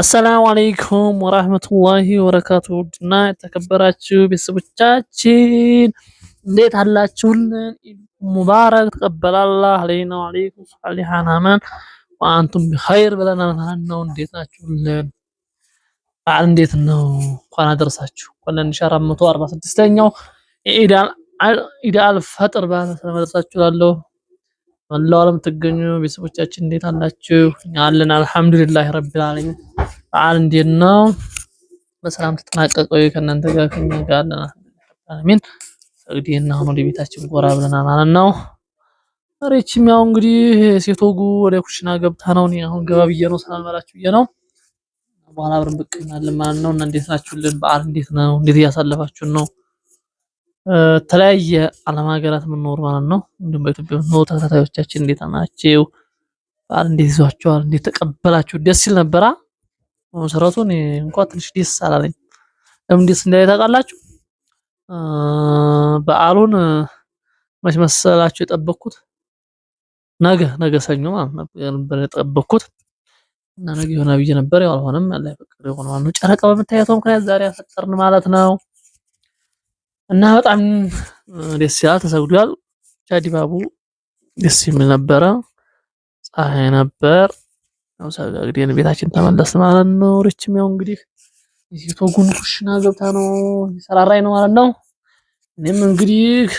አሰላሙ አለይኩም ወራህመቱላሂ ወበረካቱ። ውድና የተከበራችሁ ቤተሰቦቻችን እንዴት አላችሁልን? ሙባረክ ተቀበላላህ አለይና ወአለይኩም ሰሊሃን አማን ወአንቱም ቢኸይር ብለናል። ነው እንዴት ናችሁልን? በዓል እንዴት ነው? እንኳን አደረሳችሁ። እንኳን 1446ኛው ኢድ አልፈጥር በዓል ስለመድረሳችሁ ላለሁ አላህ ዓለም ትገኙ ቤተሰቦቻችን እንዴት አላችሁ? አለን አልሐምዱሊላህ ረቢል ዓለሚን። በዓል እንዴት ነው? በሰላም ተጠናቀቀው? ከእናንተ ጋር ከኛ ጋር አለን አልሐምዱሊላህ። እንግዲህ አሁን ወደ ቤታችን ጎራ ብለናል ማለት ነው። ሬችም ያው እንግዲህ ሴቶጉ ወደ ኩሽና ገብታ ነው። እኔ አሁን ገባ ብዬ ነው ስላልመራችሁ ብዬ ነው። በኋላ አብረን ብቅ እናለን ማለት ነው። እና እንዴት ናችሁልን? በዓል እንዴት ነው? እንዴት እያሳለፋችሁን ነው? ተለያየ ዓለም ሀገራት የምንኖር ማለት ነው። እንዲሁም በኢትዮጵያ የምንኖር ተከታታዮቻችን እንዴት ናቸው? በዓል እንዴት ይዟቸዋል? እንዴት ተቀበላችሁ? ደስ ሲል ነበራ። መሰረቱ እኔ እንኳ ትንሽ ደስ አላለኝ። ለምን ደስ እንዳለ ታውቃላችሁ? በዓሉን መች መሰላችሁ የጠበኩት? ነገ ነገ ሰኞ ማለት ነበር የጠበኩት እና ነገ ይሆናል ብዬ ነበር። ያው አልሆነም። ያለ ፍቅር የሆነ ጨረቃ በምታየቷ ምክንያት ዛሬ አፈጠርን ማለት ነው። እና በጣም ደስ ይላል። ተሰግዷል። ብቻ ዲባቡ ደስ የሚል ነበረ። ፀሐይ ነበር። ያው ሰግደን ቤታችን ተመለስ ማለት ነው። ርችም ያው እንግዲህ የሴቶ ጉን ኩሽና ገብታ ነው ሰራራይ ነው ማለት ነው። እኔም እንግዲህ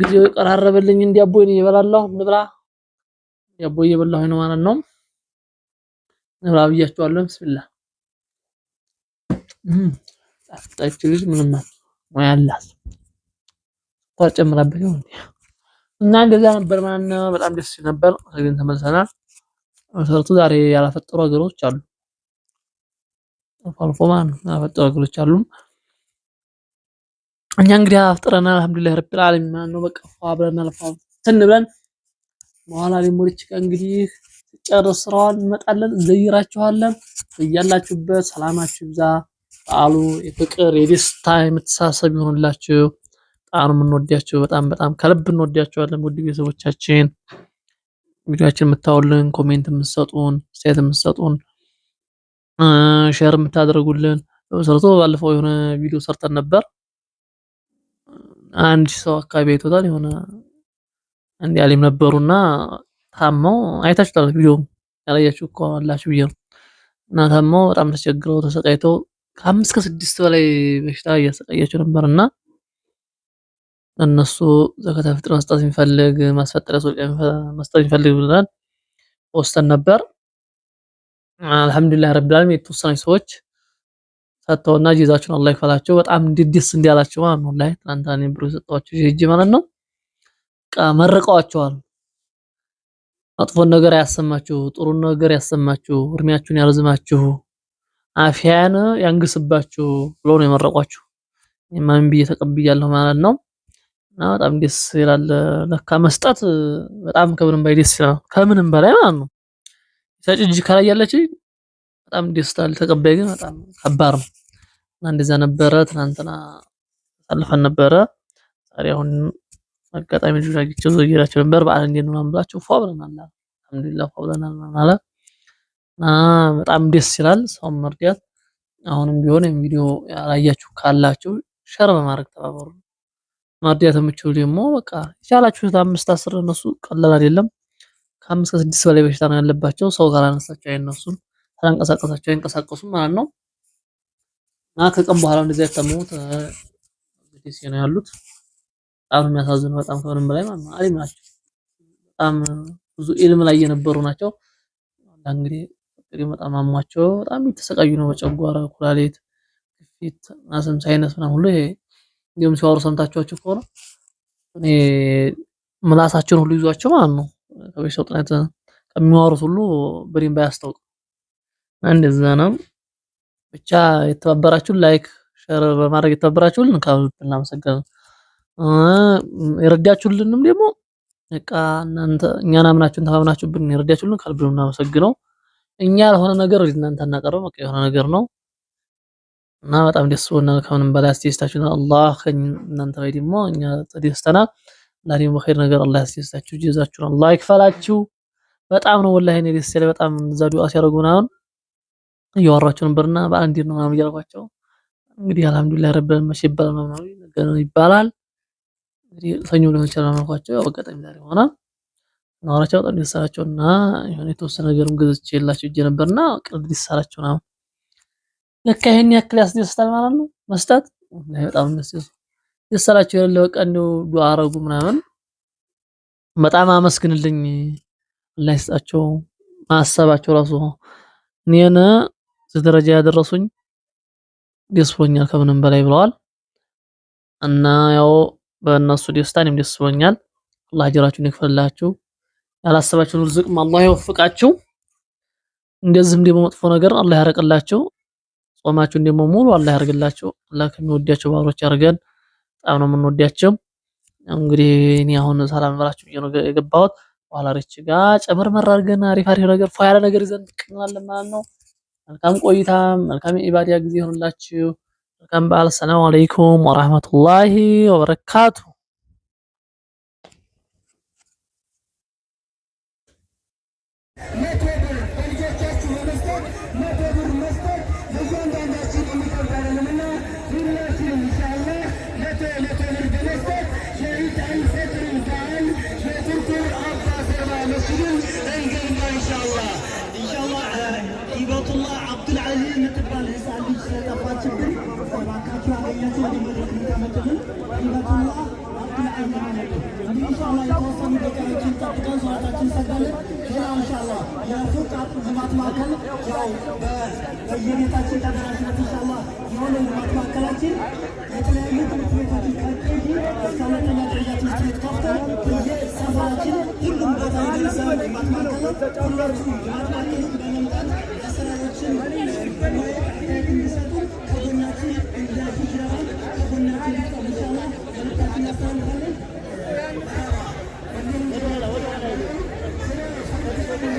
ጊዜው የቀራረበልኝ እንዲያቦ ነው እየበላለሁ። ንብላ ያቦ እየበላሁ ነው ማለት ነው። ንብላ ብያቸዋለሁ። ብስሚላ ጣፍጣችሁ ልጅ ምንም ሙያ አላት። ስኳር ጨምራበት ይሁን እና እንደዛ ነበር ማን ነው። በጣም ደስ ሲል ነበር። ግን ተመልሰናል። መሰረቱ ዛሬ ያላፈጠሩ ሀገሮች አሉ። አልፎ ማለት ነው ያላፈጠሩ ሀገሮች አሉ። እኛ እንግዲህ አፍጥረና አልሐምዱሊላህ ረቢል ዓለሚን ማለት ነው። በቃ አብረን አልፋ ብለን በኋላ ላይ ሞሪች እንግዲህ ጨርስ ስራዋን እንመጣለን። ዘይራችኋለን። እያላችሁበት ሰላማችሁ ይብዛ። በዓሉ የፍቅር የደስታ የመተሳሰብ ይሆንላችሁ። በጣም የምንወዳቸው በጣም በጣም ከልብ እንወዳቸዋለን። ውድ ቤተሰቦቻችን። ቪዲዮችን የምታውልን ኮሜንት የምትሰጡን አስተያየት የምትሰጡን ሼር የምታደርጉልን ሰርቶ ባለፈው የሆነ ቪዲዮ ሰርተን ነበር። አንድ ሰው አካባቢ አይቶታል። የሆነ አንድ አሊም ነበሩና ታመው አይታችሁታል። ቪዲዮ ያላያችሁ እኮ አላችሁ ብዬ ነው እና ታመው በጣም ተቸግረው ተሰቃይተው ከአምስት ከስድስት በላይ በሽታ እያሰቃያቸው ነበር እና እነሱ ዘካተ ፍጥር መስጠት የሚፈልግ ማስፈጠሪያ ሰው መስጠት የሚፈልግ ብለናል ወስተን ነበር። አልሐምዱሊላህ ረብል ዓለሚን የተወሰናች ሰዎች ሰጥተውና ጂዛችሁን አላህ ይክፈላቸው። በጣም እንዲደስ እንዲያላቸው ማለት ነው። ላይ ትናንት እኔ ብሩ የሰጠኋቸው ሂጅ ማለት ነው። መርቀዋቸዋል። መጥፎን ነገር ያሰማችሁ፣ ጥሩን ነገር ያሰማችሁ፣ እድሜያችሁን ያርዝማችሁ። አፍያን ያንግስባችሁ ብሎ ነው የመረቋችሁ። ማን ብዬ ተቀብያለሁ ማለት ነው። እና በጣም ደስ ይላል። ለካ መስጠት በጣም ከምንም በላይ ደስ ይላል። ከምንም በላይ ማለት ነው። ሰጭ እጅ ከላይ ያለች በጣም ደስ ይላል። ተቀባይ ግን በጣም ከባድ ነው እና እንደዛ ነበረ። ትናንትና አሳልፈን ነበረ። ዛሬ አሁን አጋጣሚ ልጆች አግኝቼው ዘግይራቸው ነበር። በዓል እንዴት ነው ምናምን ብላችሁ ፏ ብለናል። አልሐምዱሊላህ ፏ ብለናል ማለት በጣም ደስ ይላል። ሰው መርዳት አሁንም ቢሆን ቪዲዮ ያላያችሁ ካላችሁ ሸር በማድረግ ተባበሩ። መርዳት የምችሉ ደግሞ በቃ የቻላችሁት አምስት አስር እነሱ ቀላል አይደለም። ከአምስት ከስድስት በላይ በሽታ ነው ያለባቸው። ሰው ካላነሳቸው አይነሱም፣ ካላንቀሳቀሳቸው አይንቀሳቀሱም ማለት ነው እና ከቀን በኋላ እንደዚህ ያታመሙት ዲሲ ነው ያሉት። በጣም የሚያሳዝኑ በጣም ከምንም በላይ ማለት ነው አሊም ናቸው። በጣም ብዙ ኢልም ላይ የነበሩ ናቸው እንግዲህ ፍቅር በጣም አሟቸው በጣም የተሰቃዩ ነው። በጨጓራ ኩላሊት፣ ግፊት፣ አስም፣ ሳይነስ ምናምን ሁሉ ይሄ እንዲሁም ሲዋሩ ሰምታችኋቸው ከሆነ እኔ ምላሳቸውን ሁሉ ይዟቸው ማለት ነው ከበሽታው ጥናት ከሚዋሩት ሁሉ በደንብ ባያስታውቅ እንደዛ ነው። ብቻ የተባበራችሁን ላይክ ሸር በማድረግ የተባበራችሁልን ከልብ እናመሰግናለን። የረዳችሁልንም ደግሞ በቃ እናንተ እኛን አምናችሁን ተማምናችሁብን የረዳችሁልን ከልብ እናመሰግነው። እኛ ለሆነ ነገር እናንተ እናቀርብ በቃ የሆነ ነገር ነው እና በጣም ደስ ብሎናል። ከምንም በላይ ነው አላህ እናንተ ላይ ደግሞ እኛ ተደስተናል። እና ደግሞ በኸይር ነገር አላህ ያስደስታችሁ፣ ነው አላህ ይክፈላችሁ። በጣም ነው ወላሂ እኔ ደስ ያለኝ። በጣም እዛ ዱዓ ሲያደርጉ ምናምን እያወራችሁ ነበርና በአንድ ነው ምናምን እያልኳቸው እንግዲህ አልሐምዱሊላህ ረበል መቼ ይባላል ምናምን ነገር ይባላል እንግዲህ ሰኞ ሊሆን ይችላል አልኳቸው። ያው አጋጣሚ ዛሬ ሆና ናራቸው በጣም ደሳቸው እና የሆነ የተወሰነ ነገርም ገዝቼ የላቸው እጄ ነበርና ቅርብ ደሳቸው ነው። ለካ ይሄን ያክል ያስደስታል ማለት ነው መስጠት። በጣም ደስ ደሳላቸው የሌለ በቃ እንደው ዱአ አረጉ ምናምን በጣም አመስግንልኝ አላህ ይስጣቸው። ማሰባቸው ራሱ እኔን እዚህ ደረጃ ያደረሱኝ ደስቦኛል ከምንም በላይ ብለዋል እና ያው በእነሱ ደስታ እኔም ደስ ብሎኛል። አላህ አጀራችሁን ይክፈልላችሁ። ያላሰባችሁን ርዝቅም አላህ ይወፍቃችሁ። እንደዚህም ደግሞ መጥፎ ነገር አላህ ያረቅላችሁ። ጾማችሁን ደግሞ ሙሉ አላህ ያርግላችሁ። አላህ ከሚወዳቸው ባሮች ያርገን። በጣም ነው የምንወዳቸው። እንግዲህ እኔ አሁን ሰላም ብላችሁ የገባሁት። በኋላ ሪች ጋር ጨመር መራርገን አሪፍ አሪፍ ነገር ፏ ያለ ነገር ይዘን ቅናለን ማለት ነው። መልካም ቆይታ፣ መልካም ኢባዳ ጊዜ ይሆንላችሁ። መልካም በዓል። ሰላም አለይኩም ወራህመቱላሂ ወበረካቱ NATO'dur erkek kesti meslek, NATO'dur meslek ve yandandaşçı demokrat kararlarına birleşir inşallah. NATO NATO'dur demestek, şehit el fetrin dahil ve Türk'ün altta sermayesinin engelinde inşallah. İnşallah e, İbatullah Abdülaziz ምትባል ህፃን ልጅ ስለጠፋችብን እባካችሁ አገኛችሁ እንዲመረክ እንዲያመጡልን ኢባቱላህ አብዱልዓዚዝ ማለት ነው። እንዲህ ኢንሻአላህ የተወሰኑ ደቂቃዎችን ጠብቀን ሰዋታችን ሰጋለን። ሌላ እንሻላ የሱቅ ልማት ማዕከል ያው በየቤታችን ተደራሽነት እንሻላ የሆነ ልማት ማዕከላችን የተለያዩ ትምህርት ቤቶችን ከኬጂ እስከ ሁለተኛ ደረጃ ትምህርት ቤት ከፍተን በየሰፈራችን ሁሉም ቦታ የደረሰ ልማት ማዕከል ሁላችሁም ልማት ማዕከል በመምጣት አሰራሮችን Thank you.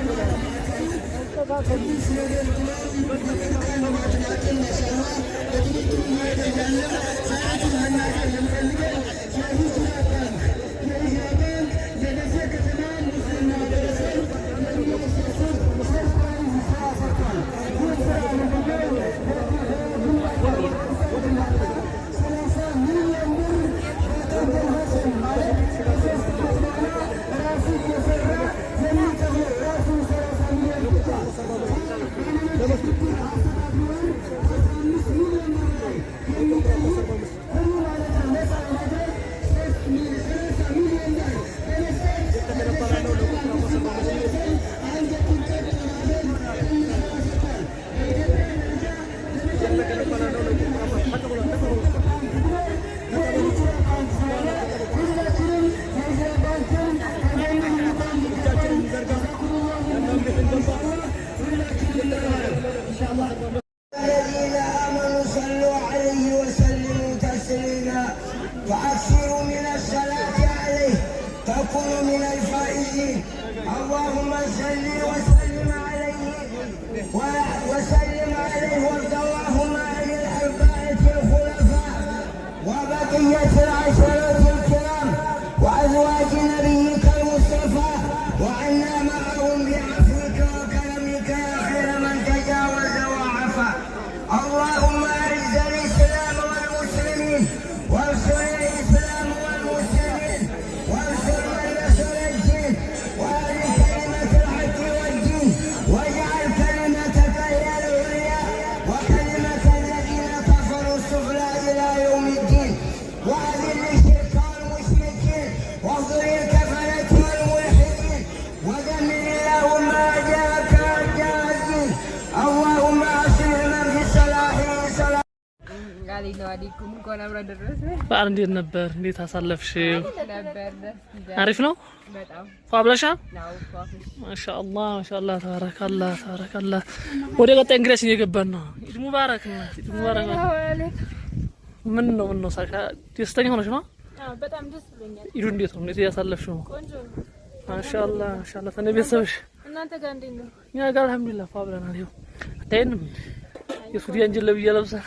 গেছে በዓል እንዴት ነበር? እንዴት አሳለፍሽ አሪፍ ነው። ፏብለሻ ማሻአላ ማሻአላ፣ ተባረካላ ተባረካላ። ወደ ቀጣይ እንግዳችን የገባን ነው። ኢድ ሙባረክ ኢድ ሙባረክ ምን ነው ምን ነው? ሳካ ደስተኛ ሆነሽ ነው? በጣም ደስ ብሎኛል። ኢዱ እንዴት ነው? እንዴት እያሳለፍሽው ነው? ማሻአላ ማሻአላ። ተነ ቤተሰብሽ እናንተ ጋር እንዴት ነው? እኛ ጋር አልሐምዱሊላህ ፏብለናል። ይኸው አታየንም? የሱዲያን ጀለብያ ለብሰናል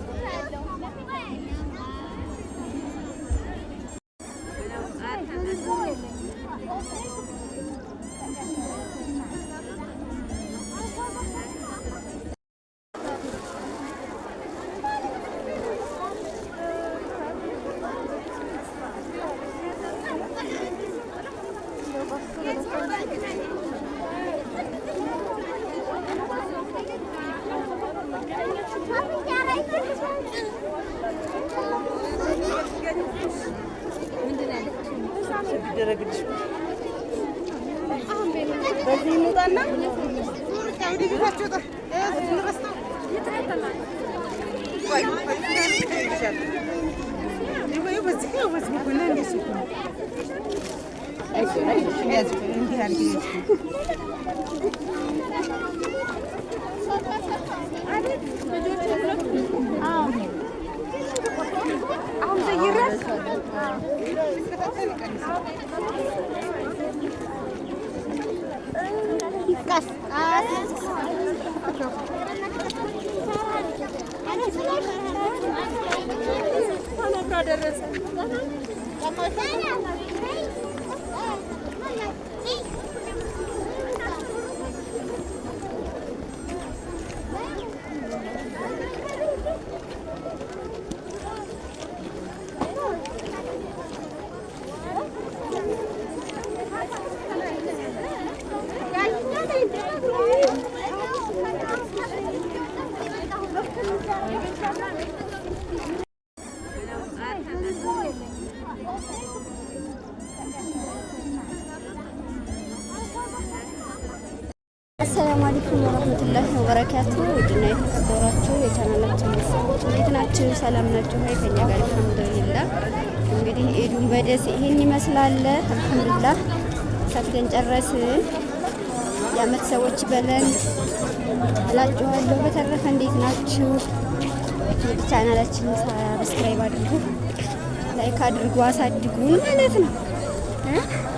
ደረሰ አበረታችሁ ውድና የተከበራችሁ የቻናላችን ሰዎች እንዴት ናችሁ? ሰላም ናችሁ? ሀይ ከኛ ጋር አልሐምዱሊላ። እንግዲህ ኢዱን በደስ ይሄን ይመስላል። አልሐምዱላ ሰፍተን ጨረስን። የአመት ሰዎች በለን እላችኋለሁ። በተረፈ እንዴት ናችሁ? ቻናላችን ሰብስክራይብ አድርጉ፣ ላይክ አድርጉ፣ አሳድጉን ማለት ነው።